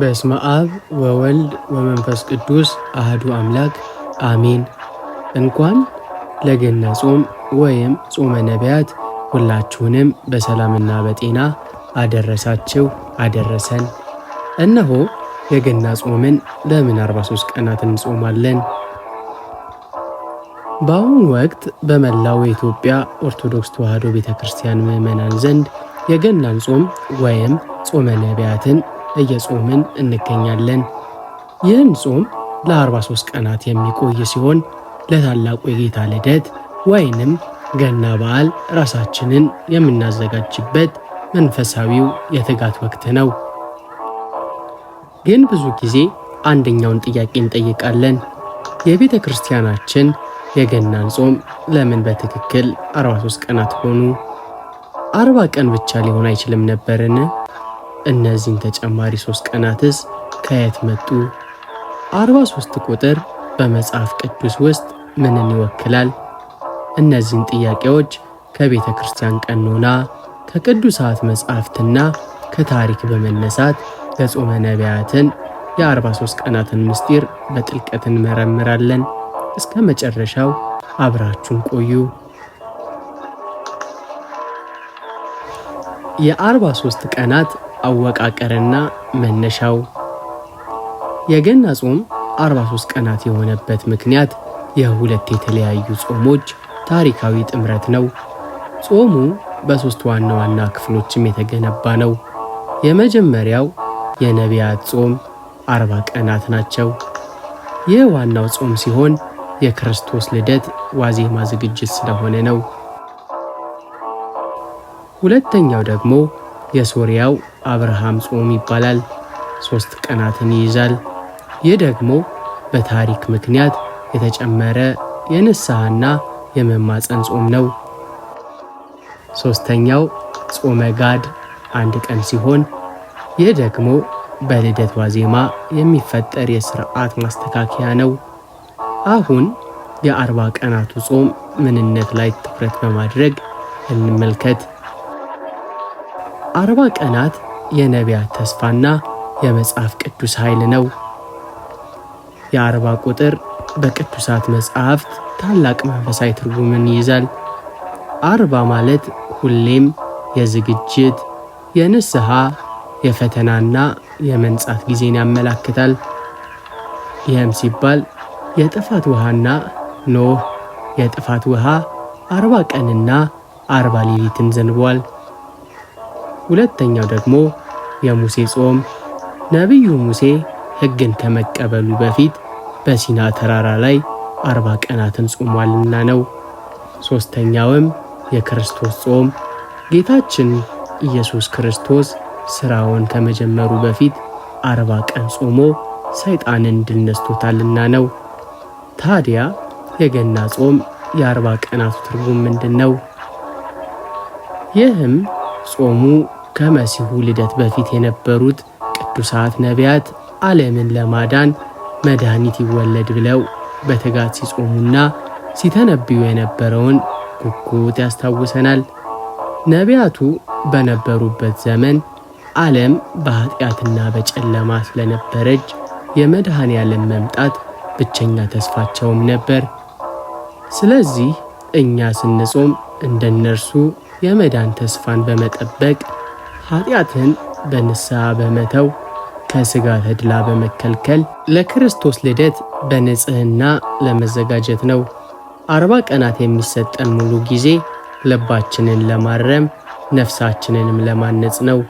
በስመ አብ ወወልድ ወመንፈስ ቅዱስ አህዱ አምላክ አሜን። እንኳን ለገና ጾም ወይም ጾመ ነቢያት ሁላችሁንም በሰላምና በጤና አደረሳችሁ አደረሰን። እነሆ የገና ጾምን ለምን 43 ቀናት እንጾማለን? በአሁኑ ወቅት በመላው የኢትዮጵያ ኦርቶዶክስ ተዋሕዶ ቤተ ክርስቲያን ምዕመናን ዘንድ የገናን ጾም ወይም ጾመ ነቢያትን እየጾምን እንገኛለን። ይህን ጾም ለ43 ቀናት የሚቆይ ሲሆን ለታላቁ የጌታ ልደት ወይንም ገና በዓል ራሳችንን የምናዘጋጅበት መንፈሳዊው የትጋት ወቅት ነው። ግን ብዙ ጊዜ አንደኛውን ጥያቄ እንጠይቃለን። የቤተ ክርስቲያናችን የገናን ጾም ለምን በትክክል 43 ቀናት ሆኑ? አርባ ቀን ብቻ ሊሆን አይችልም ነበርን? እነዚህን ተጨማሪ ሶስት ቀናትስ ከየት መጡ? አርባ ሶስት ቁጥር በመጽሐፍ ቅዱስ ውስጥ ምንን ይወክላል? እነዚህን ጥያቄዎች ከቤተ ክርስቲያን ቀኖና ከቅዱሳት መጻሕፍትና ከታሪክ በመነሳት ለጾመ ነቢያትን የአርባ ሶስት ቀናትን ምስጢር በጥልቀት እንመረምራለን። እስከ መጨረሻው አብራችሁን ቆዩ። የ የ43 ቀናት አወቃቀርና መነሻው የገና ጾም 43 ቀናት የሆነበት ምክንያት የሁለት የተለያዩ ጾሞች ታሪካዊ ጥምረት ነው። ጾሙ በሦስት ዋና ዋና ክፍሎችም የተገነባ ነው። የመጀመሪያው የነቢያት ጾም አርባ ቀናት ናቸው። ይህ ዋናው ጾም ሲሆን የክርስቶስ ልደት ዋዜማ ዝግጅት ስለሆነ ነው። ሁለተኛው ደግሞ የሶሪያው አብርሃም ጾም ይባላል። ሦስት ቀናትን ይይዛል። ይህ ደግሞ በታሪክ ምክንያት የተጨመረ የንስሐና የመማፀን ጾም ነው። ሦስተኛው ጾመ ጋድ አንድ ቀን ሲሆን ይህ ደግሞ በልደት ዋዜማ የሚፈጠር የስርዓት ማስተካከያ ነው። አሁን የአርባ ቀናቱ ጾም ምንነት ላይ ትኩረት በማድረግ እንመልከት። አርባ ቀናት የነቢያት ተስፋና የመጽሐፍ ቅዱስ ኃይል ነው። የአርባ ቁጥር በቅዱሳት መጽሐፍት ታላቅ መንፈሳዊ ትርጉምን ይይዛል። አርባ ማለት ሁሌም የዝግጅት የንስሐ የፈተናና የመንጻት ጊዜን ያመላክታል። ይህም ሲባል የጥፋት ውሃና ኖህ የጥፋት ውሃ አርባ ቀንና አርባ ሌሊትን ዘንቧል። ሁለተኛው ደግሞ የሙሴ ጾም። ነቢዩ ሙሴ ሕግን ከመቀበሉ በፊት በሲና ተራራ ላይ አርባ ቀናትን ጾሟልና ነው። ሦስተኛውም የክርስቶስ ጾም ጌታችን ኢየሱስ ክርስቶስ ሥራውን ከመጀመሩ በፊት አርባ ቀን ጾሞ ሰይጣንን ድል ነስቶታልና ነው። ታዲያ የገና ጾም የአርባ ቀናቱ ትርጉም ምንድን ነው? ይህም ጾሙ ከመሲሁ ልደት በፊት የነበሩት ቅዱሳት ነቢያት ዓለምን ለማዳን መድኃኒት ይወለድ ብለው በትጋት ሲጾሙና ሲተነብዩ የነበረውን ጉጉት ያስታውሰናል። ነቢያቱ በነበሩበት ዘመን ዓለም በኀጢአትና በጨለማ ስለነበረች የመድኃኔ ዓለም መምጣት ብቸኛ ተስፋቸውም ነበር። ስለዚህ እኛ ስንጾም እንደ እነርሱ የመዳን ተስፋን በመጠበቅ ኃጢአትን በንስሐ በመተው ከሥጋ ተድላ በመከልከል ለክርስቶስ ልደት በንጽሕና ለመዘጋጀት ነው። አርባ ቀናት የሚሰጠን ሙሉ ጊዜ ልባችንን ለማረም ነፍሳችንንም ለማነጽ ነው።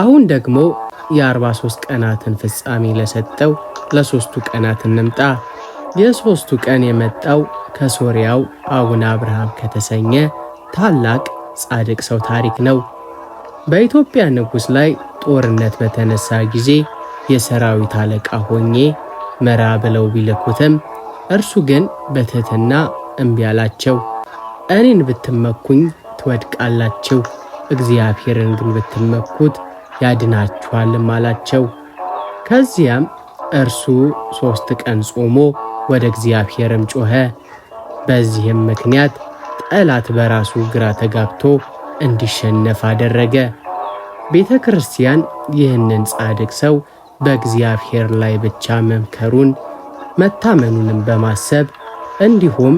አሁን ደግሞ የአርባ ሦስት ቀናትን ፍጻሜ ለሰጠው ለሦስቱ ቀናት እንምጣ። የሦስቱ ቀን የመጣው ከሶርያው አቡነ አብርሃም ከተሰኘ ታላቅ ጻድቅ ሰው ታሪክ ነው። በኢትዮጵያ ንጉሥ ላይ ጦርነት በተነሳ ጊዜ የሰራዊት አለቃ ሆኜ መራ ብለው ቢልኩትም እርሱ ግን በትህትና እምቢ አላቸው። እኔን ብትመኩኝ ትወድቃላችሁ፣ እግዚአብሔርን ግን ብትመኩት ያድናችኋልም አላቸው። ከዚያም እርሱ ሦስት ቀን ጾሞ ወደ እግዚአብሔርም ጮኸ። በዚህም ምክንያት ጠላት በራሱ ግራ ተጋብቶ እንዲሸነፍ አደረገ። ቤተ ክርስቲያን ይህንን ጻድቅ ሰው በእግዚአብሔር ላይ ብቻ መምከሩን መታመኑንም በማሰብ እንዲሁም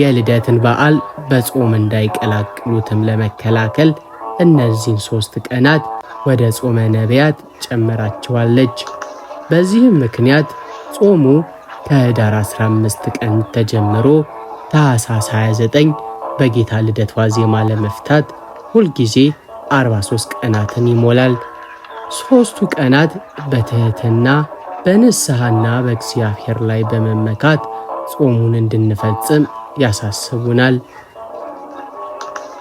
የልደትን በዓል በጾም እንዳይቀላቅሉትም ለመከላከል እነዚህን ሦስት ቀናት ወደ ጾመ ነቢያት ጨምራቸዋለች። በዚህም ምክንያት ጾሙ ከዳር 15 ቀን ተጀምሮ ታሳ 29 በጌታ ልደት ዋዜማ ለመፍታት ሁልጊዜ 43 ቀናትን ይሞላል። ሦስቱ ቀናት በትህትና በንስሐና በእግዚአብሔር ላይ በመመካት ጾሙን እንድንፈጽም ያሳስቡናል።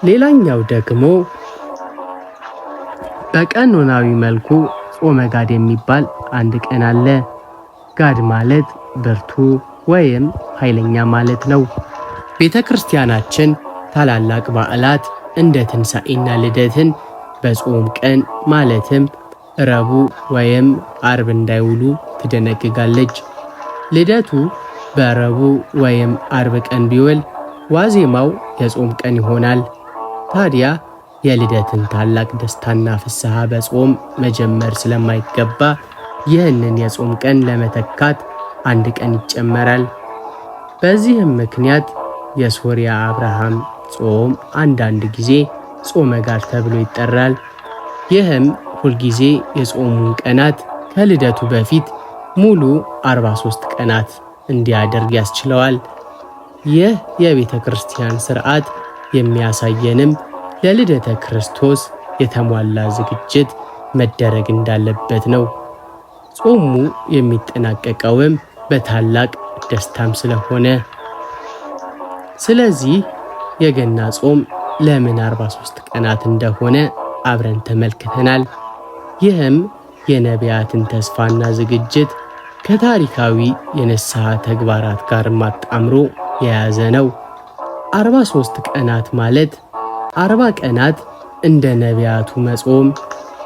ሌላኛው ደግሞ በቀኖናዊ መልኩ ጾመ ጋድ የሚባል አንድ ቀን አለ። ጋድ ማለት ብርቱ ወይም ኃይለኛ ማለት ነው። ቤተ ክርስቲያናችን ታላላቅ በዓላት እንደ ትንሣኤና ልደትን በጾም ቀን ማለትም ረቡ ወይም አርብ እንዳይውሉ ትደነግጋለች። ልደቱ በረቡ ወይም አርብ ቀን ቢውል ዋዜማው የጾም ቀን ይሆናል። ታዲያ የልደትን ታላቅ ደስታና ፍስሐ በጾም መጀመር ስለማይገባ ይህንን የጾም ቀን ለመተካት አንድ ቀን ይጨመራል። በዚህም ምክንያት የሶርያ አብርሃም ጾም አንዳንድ ጊዜ ጾመ ጋር ተብሎ ይጠራል። ይህም ሁልጊዜ የጾሙን ቀናት ከልደቱ በፊት ሙሉ 43 ቀናት እንዲያደርግ ያስችለዋል። ይህ የቤተ ክርስቲያን ስርዓት የሚያሳየንም ለልደተ ክርስቶስ የተሟላ ዝግጅት መደረግ እንዳለበት ነው። ጾሙ የሚጠናቀቀውም በታላቅ ደስታም ስለሆነ ስለዚህ የገና ጾም ለምን 43 ቀናት እንደሆነ አብረን ተመልክተናል። ይህም የነቢያትን ተስፋና ዝግጅት ከታሪካዊ የንስሐ ተግባራት ጋር ማጣምሮ የያዘ ነው። 43 ቀናት ማለት 40 ቀናት እንደ ነቢያቱ መጾም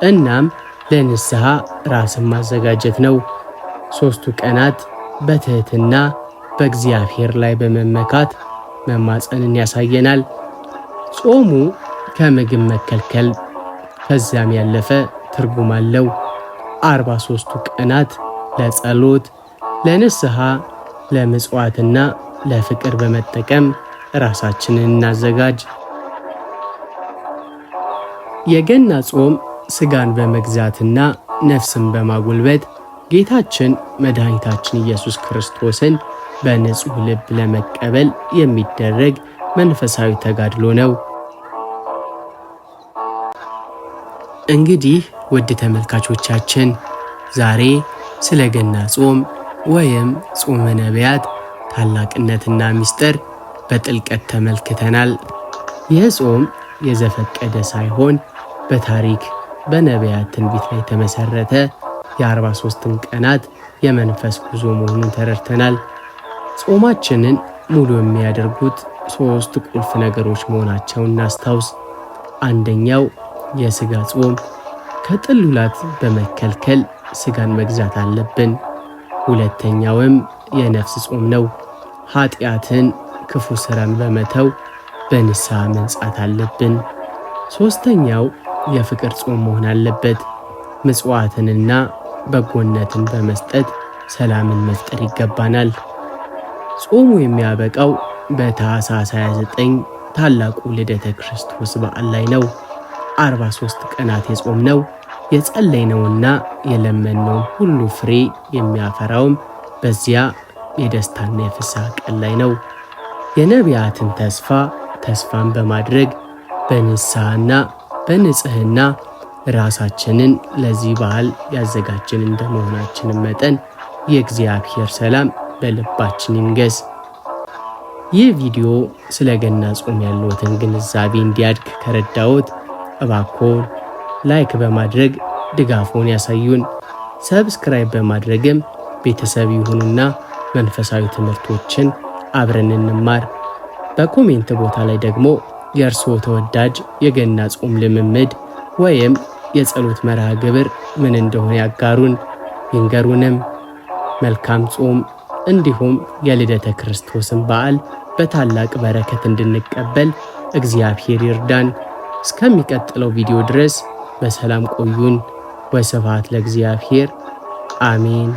እናም ለንስሐ ራስን ማዘጋጀት ነው። ሦስቱ ቀናት በትህትና በእግዚአብሔር ላይ በመመካት መማፀንን ያሳየናል። ጾሙ ከምግብ መከልከል ከዚያም ያለፈ ትርጉም አለው። አርባ ሦስቱ ቀናት ለጸሎት፣ ለንስሐ፣ ለምጽዋትና ለፍቅር በመጠቀም ራሳችንን እናዘጋጅ። የገና ጾም ሥጋን በመግዛትና ነፍስን በማጎልበት ጌታችን መድኃኒታችን ኢየሱስ ክርስቶስን በንጹሕ ልብ ለመቀበል የሚደረግ መንፈሳዊ ተጋድሎ ነው። እንግዲህ ውድ ተመልካቾቻችን ዛሬ ስለ ገና ጾም ወይም ጾመ ነቢያት ታላቅነትና ምስጢር በጥልቀት ተመልክተናል። ይህ ጾም የዘፈቀደ ሳይሆን በታሪክ በነቢያት ትንቢት ላይ የተመሰረተ የ43ን ቀናት የመንፈስ ጉዞ መሆኑን ተረድተናል። ጾማችንን ሙሉ የሚያደርጉት ሦስት ቁልፍ ነገሮች መሆናቸውን እናስታውስ። አንደኛው የሥጋ ጾም፣ ከጥሉላት በመከልከል ሥጋን መግዛት አለብን። ሁለተኛውም የነፍስ ጾም ነው። ኃጢአትን፣ ክፉ ሥራን በመተው በንስሐ መንጻት አለብን። ሦስተኛው የፍቅር ጾም መሆን አለበት። ምጽዋትንና በጎነትን በመስጠት ሰላምን መፍጠር ይገባናል። ጾሙ የሚያበቃው በታኅሳስ 29 ታላቁ ልደተ ክርስቶስ በዓል ላይ ነው። 43 ቀናት የጾም ነው የጸለይነውና የለመነውን ሁሉ ፍሬ የሚያፈራውም በዚያ የደስታና የፍስሐ ቀን ላይ ነው። የነቢያትን ተስፋ ተስፋን በማድረግ በንስሐና በንጽህና ራሳችንን ለዚህ በዓል ያዘጋጀን እንደመሆናችንም መጠን የእግዚአብሔር ሰላም በልባችን ይንገስ። ይህ ቪዲዮ ስለ ገና ጾም ያለዎትን ግንዛቤ እንዲያድግ ከረዳዎት እባኮን ላይክ በማድረግ ድጋፎን ያሳዩን። ሰብስክራይብ በማድረግም ቤተሰብ ይሁኑና መንፈሳዊ ትምህርቶችን አብረን እንማር። በኮሜንት ቦታ ላይ ደግሞ የእርስዎ ተወዳጅ የገና ጾም ልምምድ ወይም የጸሎት መርሃ ግብር ምን እንደሆነ ያጋሩን ይንገሩንም። መልካም ጾም እንዲሁም የልደተ ክርስቶስን በዓል በታላቅ በረከት እንድንቀበል እግዚአብሔር ይርዳን። እስከሚቀጥለው ቪዲዮ ድረስ በሰላም ቆዩን። ወስብሐት ለእግዚአብሔር አሜን።